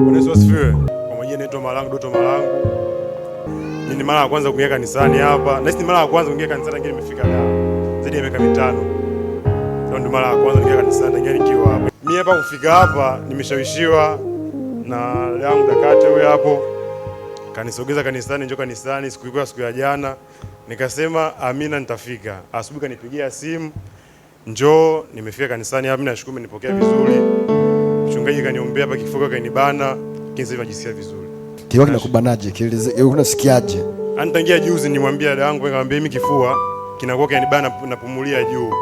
Bwana Yesu asifiwe. Kwa mwenyewe naitwa Malangu Doto Malangu. Mimi ni mara ya kwanza kuingia kanisani hapa. Na si mara ya kwanza kuingia kanisani ngine nimefika hapa. Zaidi ya miaka mitano. Ndio ndio mara ya kwanza kuingia kanisani ngine nikiwa hapa. Mimi hapa kufika hapa nimeshawishiwa na yangu dakate huyo hapo. Kanisogeza kanisani njoo kanisani siku ya siku ya jana. Nikasema amina nitafika. Asubuhi kanipigia simu. Njoo nimefika kanisani hapa, nashukuru nipokea vizuri mchungaji kaniombea hapa, kifuko kanibana, lakini sasa najisikia vizuri. Kifuko kinakubanaje? Kieleze, eh, unasikiaje? Anitangia juzi nimwambia dada yangu, nikamwambia mimi kifua kinakuwa kanibana, napumulia juu.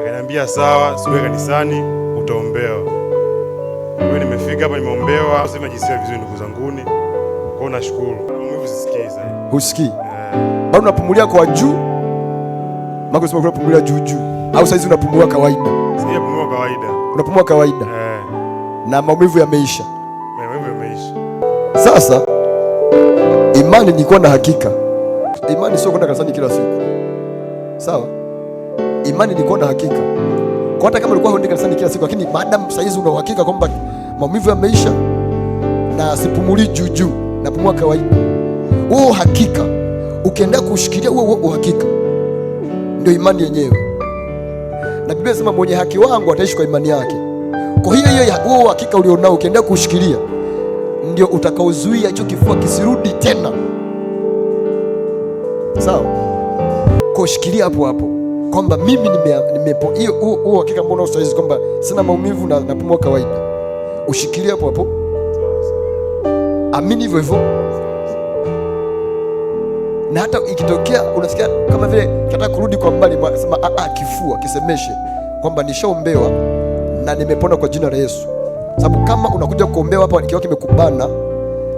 Akaniambia sawa, siwe kanisani utaombewa. Kwa nimefika hapa nimeombewa, sasa najisikia vizuri ndugu zanguni. Kwa nashukuru. Mimi usisikii sana. Usikii? Eh. Bado unapumulia kwa juu? Mako sema unapumulia juu juu. Au saizi unapumua kawaida? Sasa unapumua kawaida unapumua kawaida eh. na maumivu yameisha, meisha yameisha. Sasa imani ni kuwa na hakika. Imani sio kwenda kanisani kila siku, sawa? Imani ni kuwa na hakika, kwa hata kama ulikuwa huendi kanisani kila siku, lakini maadamu saizi una uhakika kwamba maumivu yameisha na sipumuli juujuu, napumua kawaida, huo hakika ukiendea kushikilia huo uhakika, ndio imani yenyewe na Biblia inasema mwenye haki wangu ataishi kwa imani yake. Kwa hiyo hiyo huo uhakika ulionao ukiendelea kushikilia, ndio utakaozuia hicho kifua kisirudi tena, sawa? Kushikilia hapo hapo kwamba mimi nimepo hiyo, huo uhakika ambao unaostahili kwamba sina maumivu na napumua kawaida, ushikilie hapo hapo, amini hivyo hivyo na hata ikitokea unasikia kama vile nataka kurudi kwa mbali, sema a a, kifua kisemeshe kwamba nishaombewa na nimepona kwa jina la Yesu. Sababu kama unakuja kuombewa hapa kikiwa kimekubana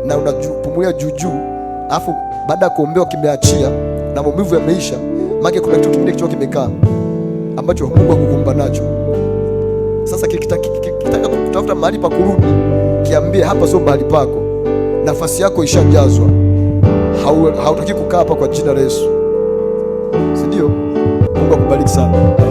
na unapumulia juu juu, alafu baada ya kuombewa kimeachia na maumivu yameisha, maana kuna kitu kingine kichwa kimekaa ambacho Mungu akukumba nacho. Sasa kitaka kutafuta mahali pa kurudi, kiambie hapa sio mahali pako, nafasi yako ishajazwa hautaki kukaa hapa kwa jina la Yesu, si ndio? Mungu akubariki sana.